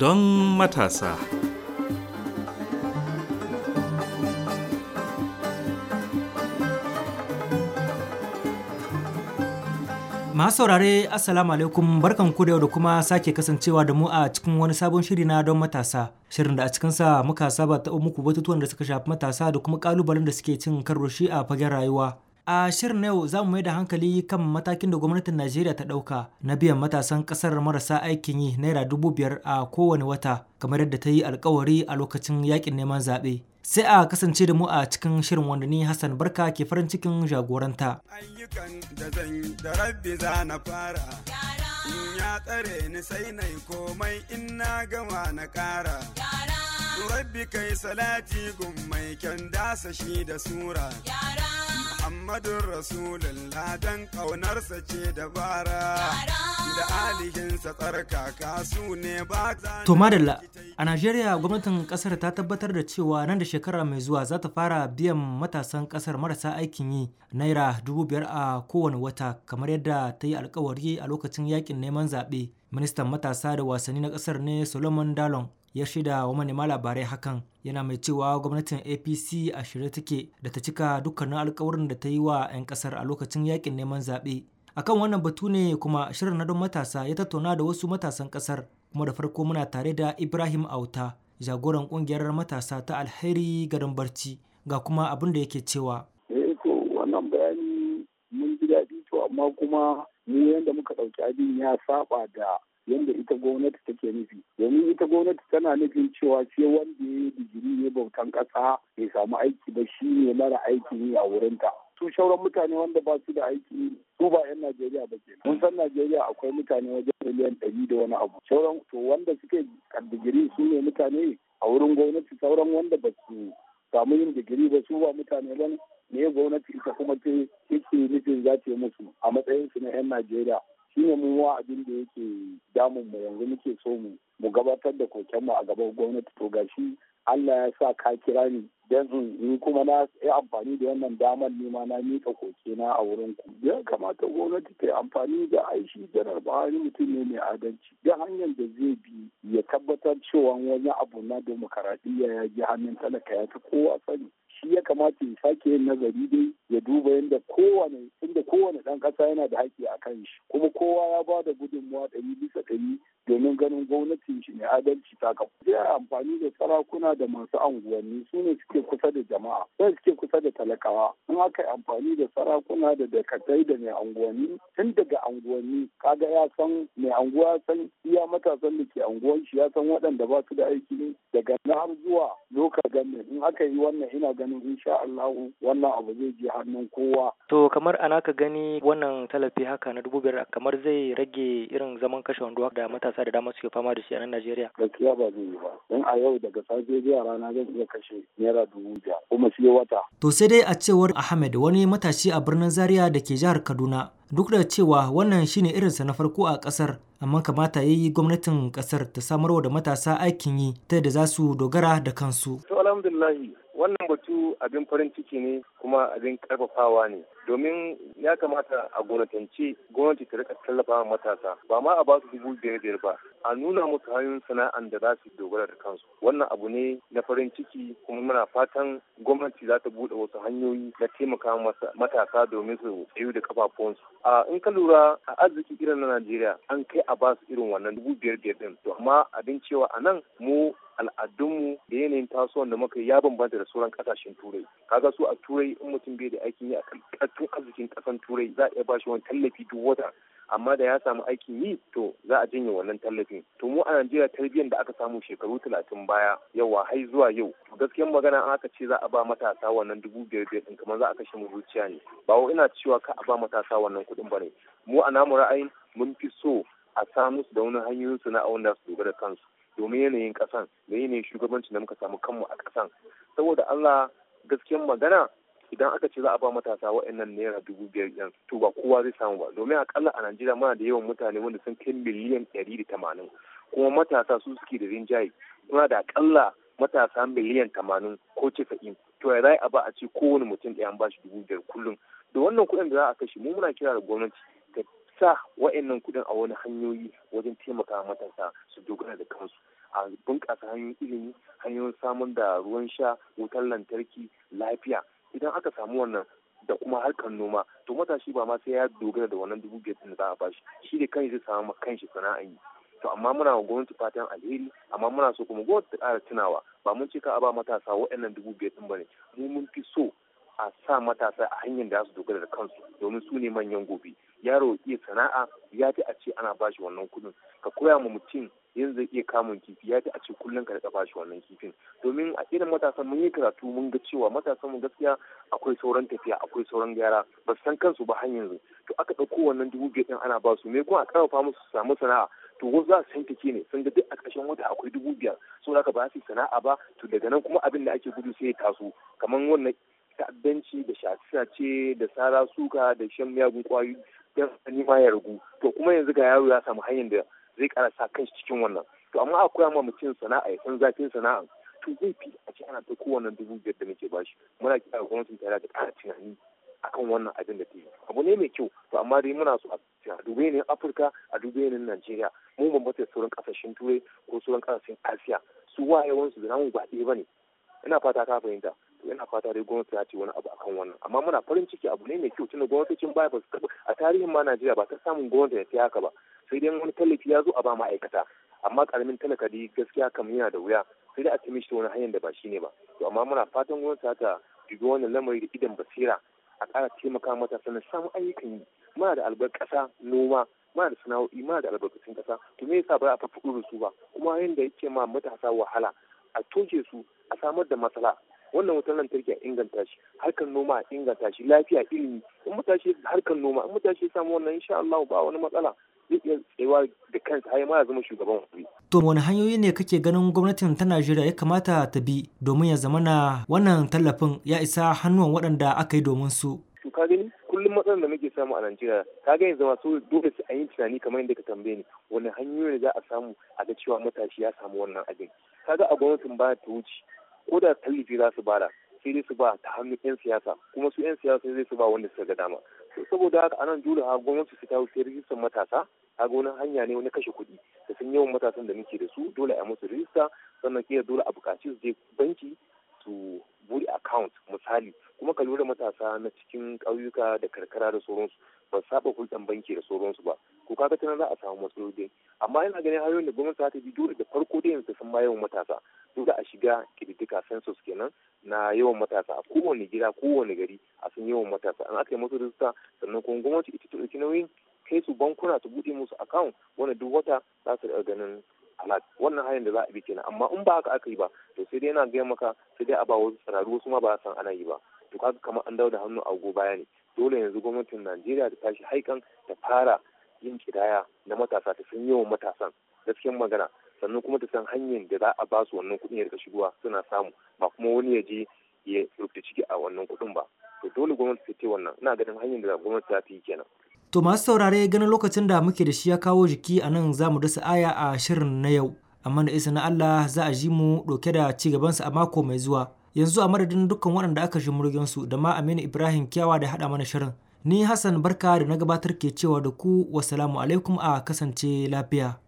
don matasa. Masu saurare Assalamu alaikum barkan ku da yau da kuma sake kasancewa da mu a cikin wani sabon shiri na don matasa. Shirin da a cikinsa muka saba ta muku batutuwan da suka shafi matasa da kuma ƙalubalen da suke cin karoshi a fagen rayuwa. A shirin na yau za mu mai da hankali kan matakin da gwamnatin Najeriya ta ɗauka na biyan matasan ƙasar marasa aikin yi naira dubu biyar a kowane wata kamar yadda ta yi alkawari a lokacin yakin neman zaɓe. Sai a kasance da mu a cikin shirin wanda ni Hassan Barka ke farin cikin jagoranta. Ayyukan da da rabbi za na fara. In ya tsare ni sai na yi komai in na gama na ƙara. Rabbi kai salati gummai kyan dasa shi da sura. Yara. Muhammadun Rasulullah dan ƙaunarsa ce dabara da alihinsa tsarkaka su ne ba To madalla a Najeriya gwamnatin kasar ta tabbatar da cewa nan da shekara mai zuwa za ta fara biyan matasan kasar marasa aikin yi naira dubu biyar a kowane wata kamar yadda ta yi alkawari a lokacin yakin neman zaɓe. ministan matasa da wasanni na kasar ne solomon dalon ya shaida wa manema labarai hakan yana mai cewa gwamnatin apc a shirye take da ta cika dukkanin alkawarin da ta yi wa 'yan kasar a lokacin yakin neman zaɓe akan wannan batu ne kuma shirin na don matasa ya tattauna da wasu matasan kasar kuma da farko muna tare da ibrahim auta jagoran kungiyar matasa ta alheri garin barci ga kuma abin da yake cewa eh, kuma mu yadda muka ɗauki abin ya saba da yadda ita gwamnati take nufi domin ita gwamnati tana nufin cewa ce wanda ya yi digiri ne bautan ƙasa ya samu aiki ba shi ne mara aiki ne a wurinta su shauran mutane wanda ba su da aiki su ba 'yan Najeriya ba ke mun san Najeriya akwai mutane wajen miliyan ɗari da wani abu shauran to wanda suke digiri su ne mutane a wurin gwamnati sauran wanda ba su samu yin digiri ba su ba mutane ba ne gwamnati ita kuma ce yake nufin za ta yi musu a matsayin su na 'yan Najeriya shi ne wa abin da yake damun mu yanzu muke so mu mu gabatar da koken mu a gaban gwamnati to gashi Allah ya sa ka kira ni yanzu ni kuma na yi amfani da wannan damar nema na mika koke na a wurin ku ya kamata gwamnati ta yi amfani da aishi janar buhari mutum ne mai adalci da hanyar da zai bi ya tabbatar cewa wani abu na demokaradiyya ya ji hannun talaka ya fi kowa sani shi ya kamata ya sake yin nazari dai ya duba yadda kowane inda kowane ɗan ƙasa yana da haƙƙi a kan shi kuma kowa ya bada da gudunmawa ɗari bisa ɗari domin ganin gwamnatin shi ne adalci ta kafa. Zai amfani da sarakuna da masu anguwanni su ne suke kusa da jama'a, su suke kusa da talakawa. In aka amfani da sarakuna da dakatai da mai anguwanni, tun daga anguwanni kaga ya san mai anguwa san iya matasan da ke anguwan shi ya san waɗanda ba su da aiki daga na har zuwa lokacin ganin in aka yi wannan ina ganin insha Allah wannan abu zai je hannun kowa. To kamar ana ka gani wannan talafi haka na dubu biyar kamar zai rage irin zaman kashe wando da matasa matasa da dama suke fama da shi a nan Najeriya? Gaskiya ba zai yi ba. Don a yau daga safe zuwa rana zan iya kashe naira dubu biyar kuma ya wata. To sai dai a cewar Ahmed wani matashi a birnin Zaria da ke jihar Kaduna duk da cewa wannan shine irinsa na farko a ƙasar amma kamata ya yi gwamnatin ƙasar ta samarwa da matasa aikin yi ta da za su dogara da kansu. To alhamdulillahi wannan batu abin farin ciki ne kuma abin karfafawa ne domin ya kamata a gonatance gwamnati ta rika tallafa matasa ba ma a basu dubu biyar biyar ba a nuna musu hanyoyin sana'an da za su dogara da kansu wannan abu ne na farin ciki kuma muna fatan gwamnati za ta buɗe wasu hanyoyi na taimaka matasa domin su tsayu da kafafuwansu a in ka lura a arziki irin na najeriya an kai a basu irin wannan dubu biyar biyar din to amma abin cewa a nan mu al'adunmu da yanayin tasowar da muka ya bambanta da sauran kasashen turai kaga su a turai in mutum bai da aikin yi a karkatun arzikin kasan turai za a iya bashi wani tallafi duk wata amma da ya samu aikin yi to za a janye wannan tallafin to mu a Najeriya tarbiyyar da aka samu shekaru talatin baya yawa har zuwa yau to gaskiyar magana an aka ce za a ba matasa wannan dubu biyar biyar din kamar za a kashe mu zuciya ne ba wai ina cewa ka a ba matasa wannan kuɗin ba ne mu a namu ra'ayin mun fi so a samu su da wani hanyoyin su na wanda su dogara kansu domin yanayin kasan da yanayin shugabanci da muka samu kanmu a kasan saboda Allah gaskiyar magana idan aka ce za a ba matasa wa'annan naira dubu biyar yanzu to ba kowa zai samu ba domin a kalla a Najeriya muna da yawan mutane wanda sun kai miliyan ɗari da tamanin kuma matasa su suke da rinjaye muna da akalla matasa miliyan tamanin ko casa'in to ya za a ba a ce kowane mutum ɗaya an ba shi dubu biyar kullum da wannan kuɗin da za a kashe mu muna kira da gwamnati ta sa wa'annan kudin a wani hanyoyi wajen taimaka matasa su dogara da kansu a bunƙasa hanyoyin ilimi hanyoyin samun da ruwan sha wutar lantarki lafiya idan aka samu wannan da kuma harkar noma to matashi ba ma sai ya dogara da wannan dubu biyar da za a bashi shi da kanshi zai samu kanshi sana'a yi to amma muna wa gwamnati fatan alheri amma muna so kuma gwamnati ta ƙara tunawa ba mun ce ka a ba matasa waɗannan dubu biyar din ba mu mun fi so a sa matasa a hanyar da za su dogara da kansu domin su ne manyan gobe yaro iya sana'a ya fi a ce ana ba shi wannan kuɗin ka koya ma mutum yanzu zai iya kamun kifi ya fi a ce kullum ka ba shi wannan kifin domin a irin matasan mun yi karatu mun ga cewa matasan mu gaskiya akwai sauran tafiya akwai sauran gyara ba san kansu ba har yanzu to aka ɗauko wannan dubu biyar ɗin ana ba su me kuma a ƙarfafa musu su samu sana'a to wasu za su san ne sun ga duk a ƙarshen wata akwai dubu biyar so da ba su sana'a ba to daga nan kuma abin da ake gudu sai ya taso kamar wannan ta'addanci da shafi ce da sara suka da shan miyagun kwayoyi yan sani ma ya ragu to kuma yanzu ga yaro ya samu hanyar da zai kara sa kanshi cikin wannan to amma a koya ma mutum sana'a ya san zafin sana'a to zai fi a ce ana ta dubu biyar da muke bashi muna kira ga gwamnatin tarayya da ƙara tunani akan wannan abin da ta abu ne mai kyau to amma dai muna so a dube ne afirka a dube ne najeriya mu bambanta sauran kasashen turai ko sauran kasashen asiya su wayewansu da namu ba ɗaya ba ne ina fata ka fahimta muna fata dai gwamnati ta wani abu akan wannan amma muna farin ciki abu ne mai kyau tunda gwamnatocin baya ba su a tarihin ma Najeriya ba ta samun gwamnati ta haka ba sai dai wani tallafi ya zo a ba ma'aikata amma karamin talaka dai gaskiya kam yana da wuya sai dai a tumi shi wani hanyar da ba shi ne ba to amma muna fatan gwamnati ta dubi wannan lamari da idan basira a ƙara taimaka mata sannan samun ayyukan yi muna da albar noma muna da sana'o'i muna da albarkatun ƙasa to me yasa ba a fafuɗo da su ba kuma yanda yake ma matasa wahala a toke su a samar da matsala wannan wutar lantarki a inganta shi harkar noma a inganta shi lafiya ilimi in mutashi harkar noma in mutashi ya samu wannan insha Allah ba wani matsala zai iya tsayawa da kansa har ma ya zama shugaban wani. To wani hanyoyi ne kake ganin gwamnatin ta Najeriya ya kamata ta bi domin ya zama na wannan tallafin ya isa hannuwan waɗanda aka yi domin su. shuka gani kullum matsalar da muke samu a Najeriya ka gani zama masu dole su an yi tunani kamar yadda ka tambaye ni wani hanyoyi za a samu a ga cewa matashi ya samu wannan abin. Ka ga a gwamnatin ba ta wuce ko da tallafi za su bada sai dai su ba ta hannun 'yan siyasa kuma su 'yan siyasa zai su ba wanda su ga dama saboda haka anan jure ha gwamnati su kawo sai rijistar matasa a wani hanya ne wani kashe kuɗi da sun yawan matasan da muke da su dole a musu rijista sannan kila dole a buƙaci su je banki su buri account misali kuma ka lura matasa na cikin ƙauyuka da karkara da sauransu ba saba hulɗan banki da sauransu ba ko kaga tana za a samu matsaloli amma yana ganin hanyoyin da gwamnati za ta bi dole da farko dai yanzu sun yawan matasa dole a shiga kididdika census kenan na yawan matasa a kowane gida kowane gari a sun yawan matasa an aka yi musu rijista sannan kuma gwamnati ita ta ɗauki nauyin kai su bankuna ta buɗe musu account wanda duk wata za su ganin alat wannan hanyar da za a bi kenan amma in ba haka aka yi ba to sai dai yana gaya maka sai dai a ba wasu tsararru su ma ba san ana yi ba to kaga kamar an dawo da hannu a baya ne dole yanzu gwamnatin Najeriya ta tashi haikan ta fara yin kidaya na matasa ta san yawan matasan gaskiyan magana sannan kuma ta san hanyar da za a ba su wannan kuɗin ya rika shigowa suna samu ba kuma wani ya je ya rubuta ciki a wannan kuɗin ba to dole gwamnati ta ce wannan ina ganin hanyar da gwamnati za ta yi kenan To masu saurare ganin lokacin da muke da shi ya kawo jiki a nan za mu dasa aya a shirin na yau. Amma da isa na Allah za a ji mu ɗauke da ci gabansa a mako mai zuwa. Yanzu a madadin dukkan waɗanda aka shi su da ma Aminu Ibrahim Kyawa da haɗa mana shirin. Ni Hassan Barka da na gabatar ke cewa da ku wasalamu alaikum a kasance lafiya.